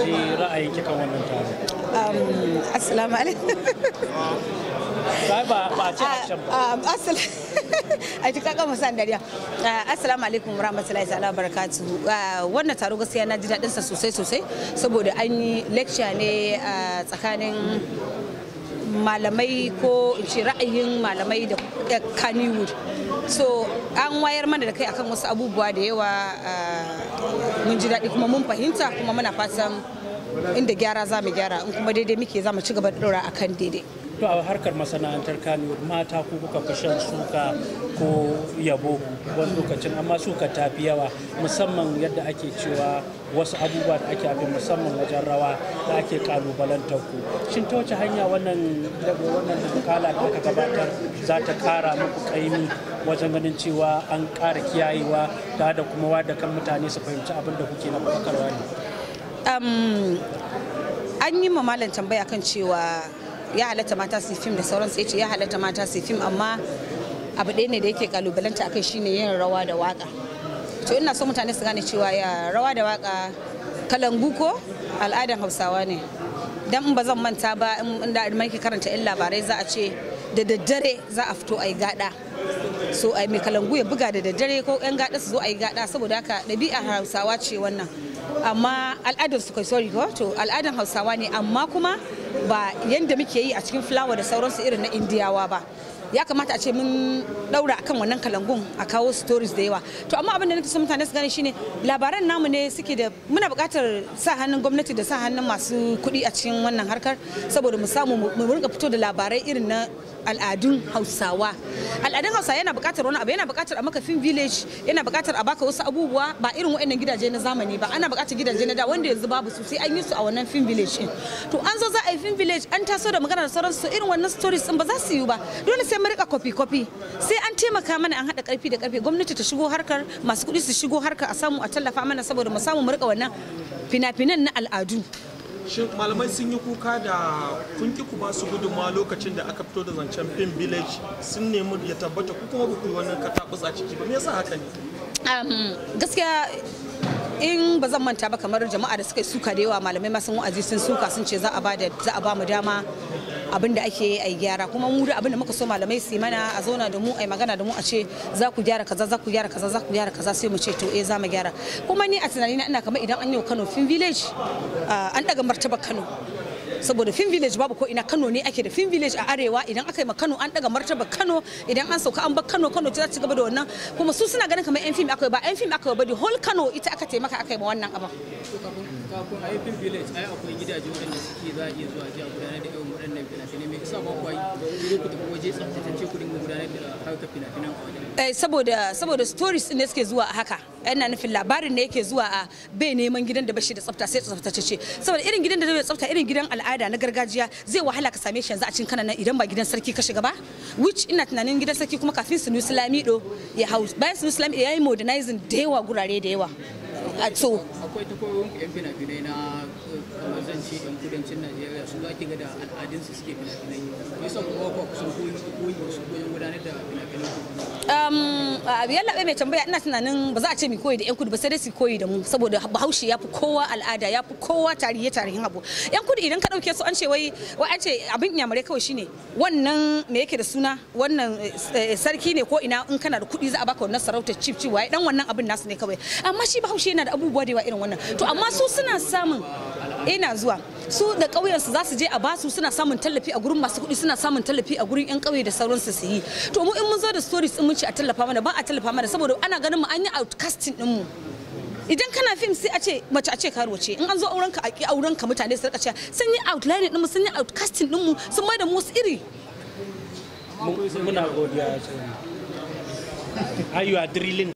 ji ra'ayi kika wannan taro um, Assalamu alaikum. Ba a musan um, um, dariya. Uh, assalamu alaikum ta'ala barakatu. Uh, wannan taro gaskiya na ji daɗin sa sosai sosai saboda an yi lecture ne uh, tsakanin malamai ko in ce ra'ayin malamai da Kannywood. so an wayar mana da kai akan wasu abubuwa da yawa ah, mun ji daɗi kuma mun fahimta kuma muna fatan inda gyara za mu gyara in kuma daidai muke za mu ci gaba da ɗora akan daidai to a harkar masana'antar kano mata ko kuka fi shan suka ko yabo wani lokacin amma suka ta fi yawa musamman yadda ake cewa wasu abubuwa da ake abin musamman wajen rawa da ake kalubalantar ku shin ta wace hanya wannan wannan kala da aka gabatar za ta kara muku kaimi wajen ganin cewa an kara kiyayewa da da kuma da kan mutane su fahimci abin da kuke na fakarwa ne an yi mamalan tambaya kan cewa ya halatta mata su fim da sauransu ya ce ya halatta mata su fim amma abu ɗaya ne da yake kalubalanta akai shine yin rawa da waka to ina so mutane su gane cewa ya rawa da waka kalangu ko al'adan hausawa ne dan in ba zan manta ba in da mai karanta yan labarai za a ce da daddare za a fito a yi gada so ai mai kalangu ya buga da daddare ko yan gada su zo a yi gada saboda haka ɗabi'a hausawa ce wannan amma al'adar su kai sorry ko to al'adar hausawa ne amma kuma ba yadda muke yi a cikin fulawa da sauransu irin na indiyawa ba ya kamata a ce mun daura akan wannan kalangun a kawo stories da yawa to amma abin da nake son mutane su gane shine labaran namu ne suke da muna buƙatar sa hannun gwamnati da sa hannun masu kuɗi a cikin wannan harkar saboda mu samu mu rinka fito da labarai irin na al'adun hausawa al'adun hausa yana buƙatar wani abu yana buƙatar a maka film village yana buƙatar a baka wasu abubuwa ba irin waɗannan gidaje na zamani ba ana buƙatar gidaje na da wanda yanzu babu su sai an yi su a wannan film village to an zo za a yi film village an taso da magana da sauransu irin wannan stories din ba za su yi ba dole sai mu rika kofi-kofi sai an taimaka mana an hada karfi da karfe gwamnati ta shigo harkar masu kuɗi su shigo harkar a samu a tallafa mana saboda mu samu mu rika wannan fina-finan na al'adu shin malamai sun yi kuka da kun ki kuma su gudunmawa lokacin da aka fito da zancen fim village sun nemi ya tabbata ku kuma ku yi wannan katabus ciki ba me yasa haka ne gaskiya in ba zan manta ba kamar jama'a da suka yi suka da yawa malamai masu wa'azi sun suka sun ce za a ba mu dama abin da ake a gyara kuma mu da abin da muka so malamai su mana a zauna da mu a magana da mu a ce za ku gyara kaza za ku gyara kaza za ku gyara kaza sai mu ce to eh za mu gyara kuma ni a tunani na ina kamar idan an yi Kano fin village ah, an daga martaba Kano saboda fin village babu ko ina Kano ne ake da fin village a arewa idan aka yi ma Kano an daga martaba Kano idan an sauka an bar Kano Kano ta ci gaba da wannan kuma su suna ganin kamar yan film akai ba yan film akai ba the whole Kano ita aka taimaka yi ma wannan abin kafin a yi film village ai akwai gidaje waɗanda suke za a iya zuwa ji a gudanar da irin waɗannan fina-finai me yasa ba kwa yi ku tafi waje tsaftatacce ku dinga gudanar da harkar fina-finan a wajen eh saboda saboda stories ne suke zuwa a haka yana nufin labarin ne yake zuwa a bai neman gidan da bashi da tsafta sai tsaftatacce saboda irin gidan da zai tsafta irin gidan al'ada al'ada na gargajiya zai wahala ka same shi yanzu a cikin nan idan ba gidan sarki ka shiga ba which ina tunanin gidan sarki kuma kafin su do ya hau bayan su nusulamido ya yi modernizing da yawa gurare da yawa so akwai ta koyon yan fina fina na eh, kamar zan ce yan kudancin najeriya su za ki ga da al'adun su suke fina-finai nisan kuma sun abu yallaɓe mai tambaya ina tunanin ba za a ce mu koyi da yan kudu ba sai dai su koyi da mu saboda bahaushe ya fi kowa al'ada ya fi kowa tarihi tarihin abu yan kudu idan ka dauke su an ce wai wai an ce abin inyamurai kawai shine wannan me yake da suna wannan eh, sarki ne ko ina in kana da kuɗi za a baka wannan sarautar chief chief wai dan wannan abin nasu ne kawai amma shi bahaushe yana da abubuwa da yawa irin wannan to amma su suna samun ina zuwa su da su za su je a basu suna samun tallafi a gurin masu kuɗi suna samun tallafi a gurin 'yan ƙauye da sauransu su yi to mu in mun zo da stories mun ci a tallafa mana ba a tallafa mana saboda ana ganin mu an yi outcasting din mu idan kana fim sai a ce mace a ce karuwa ce in an zo auren ka a ki auren ka mutane su rika cewa sun yi outline din mu sun yi outcasting din mu sun mai da mu iri muna godiya are you